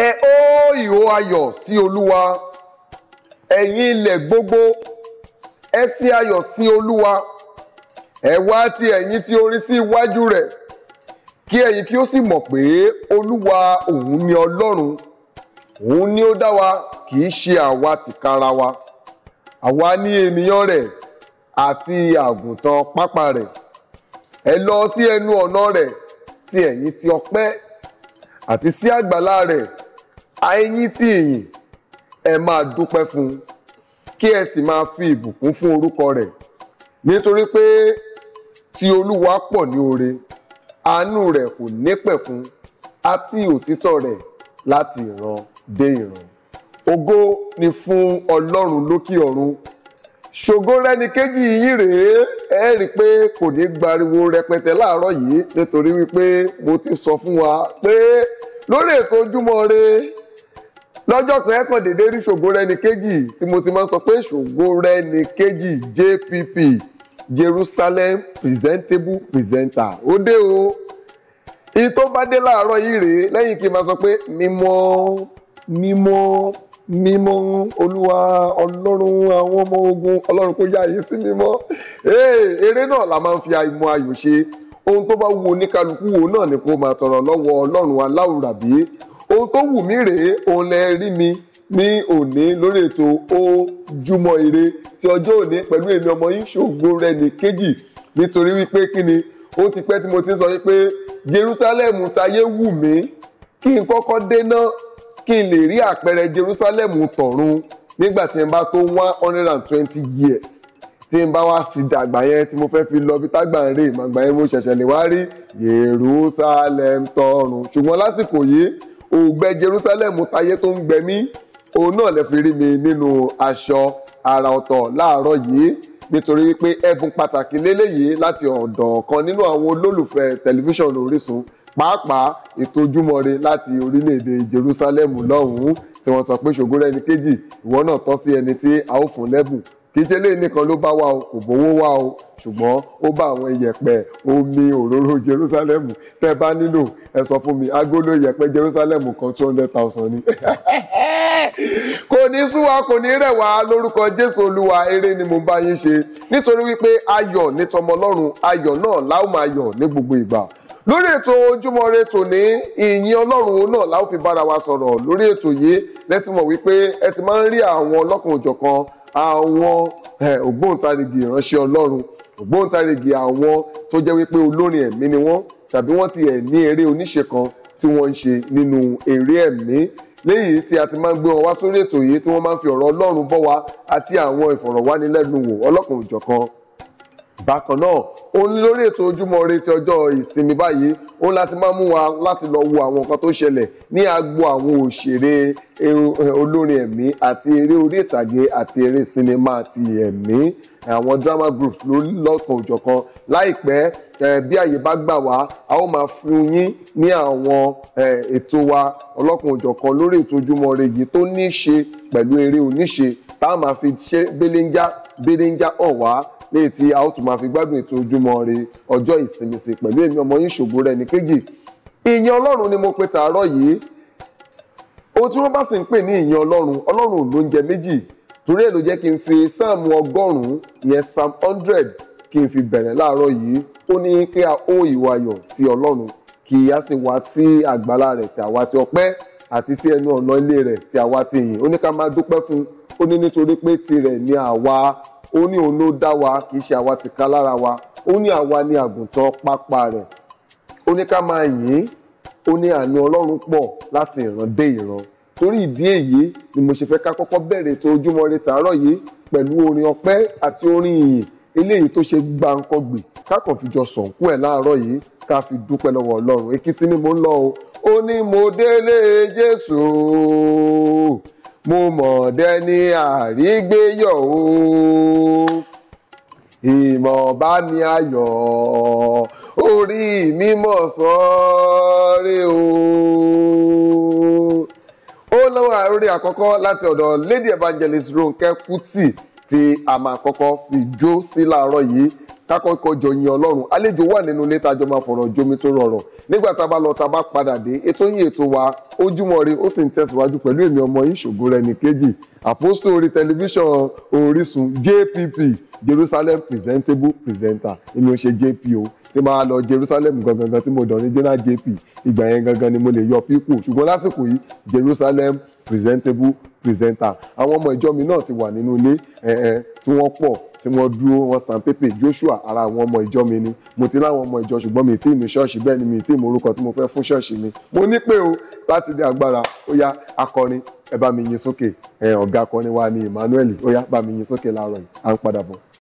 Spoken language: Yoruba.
ẹ ó ìhó ayọ̀ sí olúwa ẹ̀yin ilẹ̀ gbogbo ẹ fi ayọ̀ sí olúwa ẹ wá ti ẹ̀yin tí orin sí iwájú rẹ̀ kí ẹ̀yin kí ó sì mọ̀ pé olúwa òun ni ọlọ́run òun ni ó dá wa kì í ṣe àwa tìkára wa àwa ni ènìyàn rẹ̀ àti àgùntàn pápá rẹ̀ ẹ lọ sí ẹnu ọ̀nà rẹ̀ ti ẹ̀yin ti ọpẹ́ àti sí àgbàlá rẹ̀ àyín tí ìyìn ẹ máa dúpẹ́ fún un kí ẹ sì máa fi ìbùkún fún orúkọ rẹ̀ nítorí pé tí olúwa pọ̀ ní oore àánú rẹ̀ kò nípẹ̀kun àti òtítọ́ rẹ̀ láti ìran dé ìran ògo ni fún ọlọ́run lókè ọ̀run ṣògo rẹ́nìkejì yín rèé ẹ rí i pé kò ní gbariwo rẹpẹtẹ láàárọ̀ yìí nítorí wípé mo ti sọ fún wa pé lórí ètò ojúmọ́ re lọ́jọ́ kan ẹ̀kan dédé rí Ṣògorẹ́nìkejì tí mo ti máa ń sọ pé Ṣògorẹ́nìkejì JPP Jerusalem presentable presenter ó dé o ìtò bá dé láàárọ̀ yìí rèé lẹ́yìn kí n máa sọ pé mímọ́ mímọ́ mímọ́ olúwa ọlọ́run àwọn ọmọ ogun ọlọ́run kó yá yìí sí mímọ́ eré náà la máa ń fi àìmọ̀ ayò ṣe ohun tó bá wù oníkálukú wo náà ni kó máa tọrọ lọ́wọ́ ọlọ́run aláwùrábí ohun tó wù mí rèé òun lẹ rí mi ní òní lórí ètò ojúmọ́ ire ti ọjọ́ òní pẹ̀lú èmi ọmọ yín ṣògo rẹ ní kejì nítorí wípé kí ni ó ti pẹ́ tí mo ti ń sọ wípé Jerusalem tayé wù mí kí n kọ́kọ́ dé náà kí n lè rí àpẹẹrẹ Jerusalem tọ̀run nígbà tí n bá tó one hundred and twenty years tí n bá wá fi dàgbà yẹn tí mo fẹ́ fi lọ bí tágbà ń rè màgbà yẹn mo ṣẹ̀ṣẹ̀ lè wá rí Jerusalem tọ̀run ṣùgbọ́n lásìkò yìí ògbẹ Jerusalem tayé tó ń gbẹ mí òun náà lè fi rí mi nínú aṣọ àrà ọ̀tọ̀ láàárọ̀ yìí nítorí wípé ẹ̀bùn pàtàkì lélẹ́yìí láti ọ̀dọ̀ kan nínú àwọn olólùfẹ́ tẹlifíṣàn Orísun pàápàá ètò ojúmọ́re láti orílẹ̀ Jerusalem lọ́hùn-ún tí wọ́n sọ pé ṣògo rẹ̀ ní kejì ìwọ náà tọ́ sí ẹni tí a ó fún lẹ́bùn kì í ṣe eléyìí nìkan ló bá wa o kò bówó wa o ṣùgbọ́n ó bá àwọn iyẹ̀pẹ̀ omi òróró Jerusalem tẹ́ ẹ bá nílò ẹ sọ fún mi agolo iyẹ̀pẹ̀ Jerusalem kan two hundred thousand ni. kò ní sú wa kò ní rẹ̀ lórúkọ Jésù Olúwa eré ni mo bá yín ṣe nítorí wípé ayọ̀ ní tọmọ Ọlọ́run ayọ̀ náà láò máa yọ̀ ní gbogbo ìgbà lórí ètò ojúmọ́ re tòní ìyìn Ọlọ́run òun náà láò fi bára wa sọ̀rọ̀ lórí ètò yìí lẹ́tìmọ̀ wípé ẹ ti máa ń rí àwọn ọlọ́kan òjọ̀kan àwọn ògbóǹtarìgì ìránṣẹ́ ọlọ́run ògbóǹtarìgì àwọn tó jẹ́ wípé olórin ẹ̀mí ni wọ́n tàbí wọ́n ti ẹ̀ ní eré oníṣe kan tí wọ́n ń ṣe nínú eré ẹ̀mí léyìí tí a ti máa ń gbé wọn wá sórí ètò yìí tí wọ́n máa ń fi ọ̀rọ̀ ọlọ́run bọ́ wa àti àwọn ìfọ̀rọ̀wánilẹ́nuwò ọlọ́kan-ò-jọ̀kan bákan náà òun lórí ètò ojúmọ́ ire ti ọjọ́ ìsinmi báyìí òun láti máa mú wa láti lọ wo àwọn nǹkan tó ṣẹlẹ̀ ní agbo àwọn òṣèré eh, olórin ẹ̀mí àti eré orí ìtàgé àti eré sinimá ti ẹ̀mí àwọn drama groups ló lọ́kàn òjọ̀kan eh, bí àyè bá gbà wá a ó máa fún yín ní àwọn eh, ètò wa ọlọ́kan òjọ̀kan lórí ètò ojúmọ́ ire yìí tó ní í ṣe pẹ̀lú eré oníṣe tá a máa fi ṣe belenja belenja hàn léyìí tí a ó tún máa fi gbádùn ètò ojúmọ́ ire ọjọ́ ìsinmi sí pẹ̀lú èmi ọmọ yín Ṣògorẹ́níkéjì ìyìn ọlọ́run ni mo pe tàárọ̀ yìí ohun tí wọ́n bá sì ń pè ní ìyìn ọlọ́run ọlọ́run ò lóúnjẹ méjì torí ẹ̀ ló jẹ́ kí n fi sáàmù ọgọ́rùn-ún ìyẹn hundred kí n fi bẹ̀rẹ̀ láàárọ̀ yìí ó ní kí a ó ìwà ayọ̀ sí ọlọ́run kí a sì wá tí àgbàlá rẹ̀ tí àwa ti ọpẹ́ àti sí ẹnu ọ̀nà ilé rẹ̀ tí àwa ti yìn ó ní ká máa dúpẹ́ fún un ó ní nítorí pé tirẹ̀ ni àwa ó ní òun ló dá wa kì í ṣe àwa ti ká lára wa ó ní àwa ni àgùntàn pápá rẹ̀ ó ní ká máa yìn ó ní àánú ọlọ́run pọ̀ láti ìran dé ìran torí ìdí èyí ni mo ṣe fẹ́ ká kọ́kọ́ bẹ̀rẹ̀ ètò ojúmọ́ ire tàárọ̀ yìí pẹ̀lú orin ọpẹ́ àti orin ìyìn eléyìí tó ṣe gbàǹkọgbì kákan fi jọ sọ̀nkú ẹ̀ láàárọ̀ yìí ká fi dúpẹ́ lọ́wọ́ ọlọ́run èkìtì ni mo ń lọ o ó ní mo délé jésù mo mọ̀ dẹni àrígbéyọ̀ o ìmọ̀ bá mi ayọ̀ orí mi mọ̀ sọ́ọ́rẹ́ o. ó lọ́wọ́ àròrí àkọ́kọ́ láti ọ̀dọ̀ Lady Evangelist Ronke Kuti ti a máa kọ́kọ́ fi jó sí láàárọ̀ yìí kákọ́kọ́ jọ yin ọlọ́run àlejò wà nínú ilé tájọ máa fọ̀rọ̀ jomi tó rọrọ̀ nígbà tá a bá lọ tá a bá padà dé ètò yín ètò wa ojúmọ́ ire ó sì ń tẹ̀síwájú pẹ̀lú èmi ọmọ yín Ṣògorẹ̀níkejì àpòsò orí tẹlifíṣàn Orísun JPP Jerusalem presentable presenter èmi ò ṣe JPO tí máa lọ Jerusalem gangan tí mo dán ní general JP ìgbà yẹn gangan ni mo lè yọ pípò ṣùgbọ́n lásìkò yìí Jerusalem presentable presenter àwọn ọmọ ìjọ mi náà ti wà nínú ilé tí wọ́n pọ̀ tí wọ́n dúró wọ́n san pépè Joshua ara àwọn ọmọ ìjọ mi ni mo ti láwọn ọmọ ìjọ ṣùgbọ́n mi ì tí ì ní ṣọ́ọ̀ṣì bẹ́ẹ̀ ni mi ì tí orúkọ tí mo fẹ́ fún ṣọ́ọ̀ṣì mi mo ní pé o láti dé agbára ó yá akọrin ẹ bá mi yin sókè ọ̀gá akọrin wa ni Emmanuel ó yá bá mi yin sókè láàárọ̀ yìí à ń padà bọ̀.